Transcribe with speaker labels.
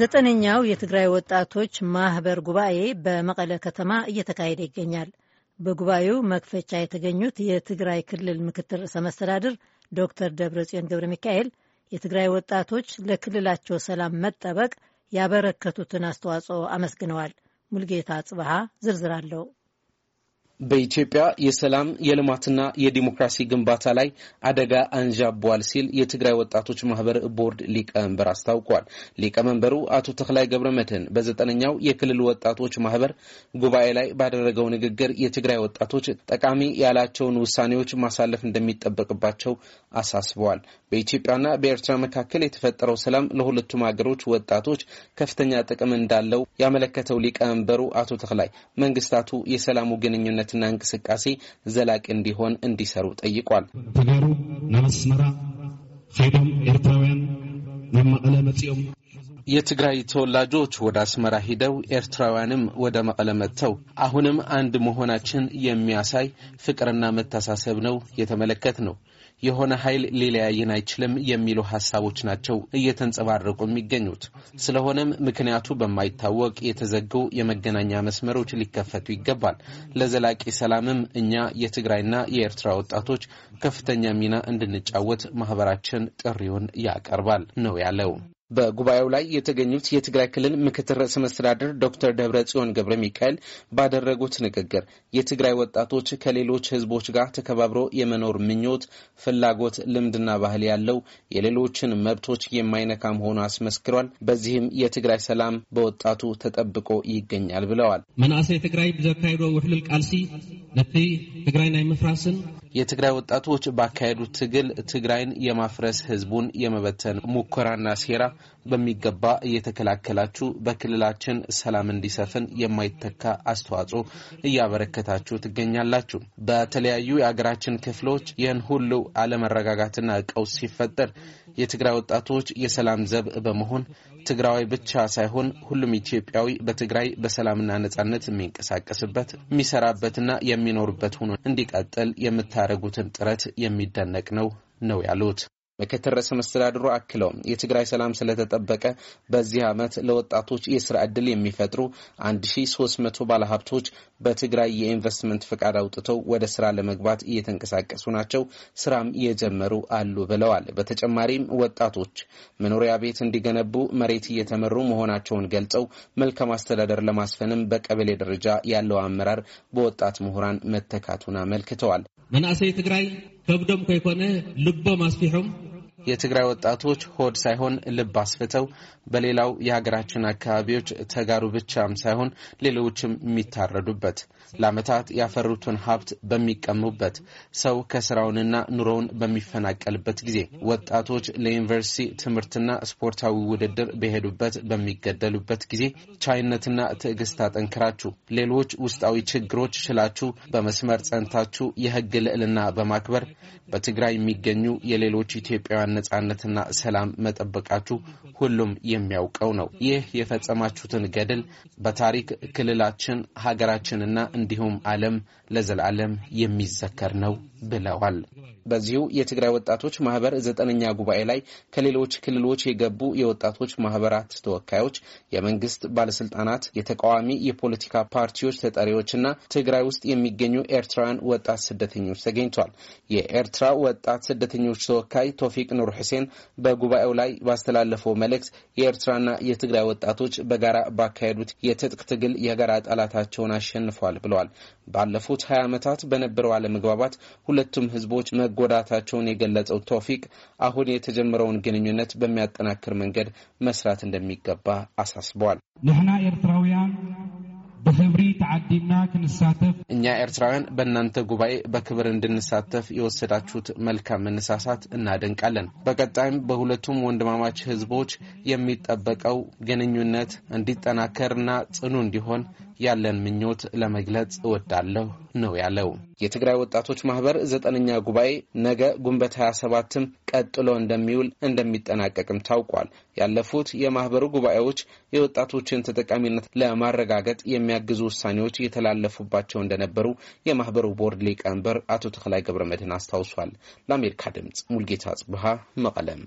Speaker 1: ዘጠነኛው የትግራይ ወጣቶች ማህበር ጉባኤ በመቀለ ከተማ እየተካሄደ ይገኛል። በጉባኤው መክፈቻ የተገኙት የትግራይ ክልል ምክትል ርዕሰ መስተዳድር ዶክተር ደብረጽዮን ገብረ ሚካኤል የትግራይ ወጣቶች ለክልላቸው ሰላም መጠበቅ ያበረከቱትን አስተዋጽኦ አመስግነዋል። ሙልጌታ ጽብሃ ዝርዝር አለው። በኢትዮጵያ የሰላም የልማትና የዲሞክራሲ ግንባታ ላይ አደጋ አንዣቧል ሲል የትግራይ ወጣቶች ማህበር ቦርድ ሊቀመንበር አስታውቋል። ሊቀመንበሩ አቶ ተክላይ ገብረ መድህን በዘጠነኛው የክልል ወጣቶች ማህበር ጉባኤ ላይ ባደረገው ንግግር የትግራይ ወጣቶች ጠቃሚ ያላቸውን ውሳኔዎች ማሳለፍ እንደሚጠበቅባቸው አሳስበዋል። በኢትዮጵያና በኤርትራ መካከል የተፈጠረው ሰላም ለሁለቱም ሀገሮች ወጣቶች ከፍተኛ ጥቅም እንዳለው ያመለከተው ሊቀመንበሩ አቶ ተክላይ መንግስታቱ የሰላሙ ግንኙነት ጥረትና እንቅስቃሴ ዘላቂ እንዲሆን እንዲሰሩ ጠይቋል። ተጋሩ ናብ ከይዶም ኤርትራውያን ናብ መቐለ መጺኦም የትግራይ ተወላጆች ወደ አስመራ ሂደው ኤርትራውያንም ወደ መቀለ መጥተው አሁንም አንድ መሆናችን የሚያሳይ ፍቅርና መተሳሰብ ነው የተመለከት ነው። የሆነ ኃይል ሊለያየን አይችልም የሚሉ ሀሳቦች ናቸው እየተንጸባረቁ የሚገኙት። ስለሆነም ምክንያቱ በማይታወቅ የተዘጉ የመገናኛ መስመሮች ሊከፈቱ ይገባል። ለዘላቂ ሰላምም እኛ የትግራይና የኤርትራ ወጣቶች ከፍተኛ ሚና እንድንጫወት ማህበራችን ጥሪውን ያቀርባል ነው ያለው። በጉባኤው ላይ የተገኙት የትግራይ ክልል ምክትል ርዕሰ መስተዳድር ዶክተር ደብረ ጽዮን ገብረ ሚካኤል ባደረጉት ንግግር የትግራይ ወጣቶች ከሌሎች ሕዝቦች ጋር ተከባብሮ የመኖር ምኞት፣ ፍላጎት፣ ልምድና ባህል ያለው የሌሎችን መብቶች የማይነካ መሆኑ አስመስክሯል። በዚህም የትግራይ ሰላም በወጣቱ ተጠብቆ ይገኛል ብለዋል። መናእሰይ ትግራይ ብዘካይዶ ውሕልል ቃልሲ ነቲ ትግራይ ናይ ምፍራስን የትግራይ ወጣቶች ባካሄዱት ትግል ትግራይን የማፍረስ ህዝቡን የመበተን ሙከራና ሴራ በሚገባ እየተከላከላችሁ በክልላችን ሰላም እንዲሰፍን የማይተካ አስተዋጽኦ እያበረከታችሁ ትገኛላችሁ። በተለያዩ የአገራችን ክፍሎች ይህን ሁሉ አለመረጋጋትና ቀውስ ሲፈጠር የትግራይ ወጣቶች የሰላም ዘብ በመሆን ትግራዊ ብቻ ሳይሆን ሁሉም ኢትዮጵያዊ በትግራይ በሰላምና ነጻነት የሚንቀሳቀስበት የሚሰራበትና የሚኖርበት ሆኖ እንዲቀጥል የምታደርጉትን ጥረት የሚደነቅ ነው ነው ያሉት። ምክትል ርዕሰ መስተዳድሩ የትግራይ ሰላም ስለተጠበቀ በዚህ ዓመት ለወጣቶች የስራ ዕድል የሚፈጥሩ 1300 ባለሀብቶች በትግራይ የኢንቨስትመንት ፍቃድ አውጥተው ወደ ስራ ለመግባት እየተንቀሳቀሱ ናቸው፣ ስራም እየጀመሩ አሉ ብለዋል። በተጨማሪም ወጣቶች መኖሪያ ቤት እንዲገነቡ መሬት እየተመሩ መሆናቸውን ገልጸው መልካም አስተዳደር ለማስፈንም በቀበሌ ደረጃ ያለው አመራር በወጣት ምሁራን መተካቱን አመልክተዋል። መናእሰይ ትግራይ ከብዶም ከይኮነ ልቦም አስፊሖም የትግራይ ወጣቶች ሆድ ሳይሆን ልብ አስፍተው በሌላው የሀገራችን አካባቢዎች ተጋሩ ብቻም ሳይሆን ሌሎችም የሚታረዱበት ለአመታት ያፈሩትን ሀብት በሚቀሙበት ሰው ከስራውንና ኑሮውን በሚፈናቀልበት ጊዜ ወጣቶች ለዩኒቨርሲቲ ትምህርትና ስፖርታዊ ውድድር በሄዱበት በሚገደሉበት ጊዜ ቻይነትና ትዕግስት አጠንክራችሁ ሌሎች ውስጣዊ ችግሮች ችላችሁ በመስመር ጸንታችሁ የህግ ልዕልና በማክበር በትግራይ የሚገኙ የሌሎች ኢትዮጵያውያን ነጻነትና ሰላም መጠበቃችሁ ሁሉም የሚያውቀው ነው። ይህ የፈጸማችሁትን ገድል በታሪክ ክልላችን፣ ሀገራችንና እንዲሁም ዓለም ለዘላለም የሚዘከር ነው ብለዋል። በዚሁ የትግራይ ወጣቶች ማህበር ዘጠነኛ ጉባኤ ላይ ከሌሎች ክልሎች የገቡ የወጣቶች ማህበራት ተወካዮች፣ የመንግስት ባለስልጣናት፣ የተቃዋሚ የፖለቲካ ፓርቲዎች ተጠሪዎችና ትግራይ ውስጥ የሚገኙ ኤርትራውያን ወጣት ስደተኞች ተገኝቷል። የኤርትራ ወጣት ስደተኞች ተወካይ ቶፊቅ ኑር ሁሴን በጉባኤው ላይ ባስተላለፈው መልእክት የኤርትራና የትግራይ ወጣቶች በጋራ ባካሄዱት የትጥቅ ትግል የጋራ ጠላታቸውን አሸንፏል ብለዋል። ባለፉት ሀያ ዓመታት በነበረው አለመግባባት ሁለቱም ህዝቦች መጎዳታቸውን የገለጸው ቶፊቅ አሁን የተጀመረውን ግንኙነት በሚያጠናክር መንገድ መስራት እንደሚገባ አሳስበዋል። ንሕና ኤርትራውያን በህብሪ ተዓዲና ክንሳተፍ እኛ ኤርትራውያን በእናንተ ጉባኤ በክብር እንድንሳተፍ የወሰዳችሁት መልካም መነሳሳት እናደንቃለን። በቀጣይም በሁለቱም ወንድማማች ህዝቦች የሚጠበቀው ግንኙነት እንዲጠናከርና ጽኑ እንዲሆን ያለን ምኞት ለመግለጽ እወዳለሁ ነው ያለው። የትግራይ ወጣቶች ማህበር ዘጠነኛ ጉባኤ ነገ ግንቦት 27ም ቀጥሎ እንደሚውል እንደሚጠናቀቅም ታውቋል። ያለፉት የማህበሩ ጉባኤዎች የወጣቶችን ተጠቃሚነት ለማረጋገጥ የሚያግዙ ውሳኔዎች እየተላለፉባቸው እንደነበሩ የማህበሩ ቦርድ ሊቀመንበር አቶ ተክላይ ገብረ መድህን አስታውሷል። ለአሜሪካ ድምጽ ሙልጌታ ጽብሃ መቀለም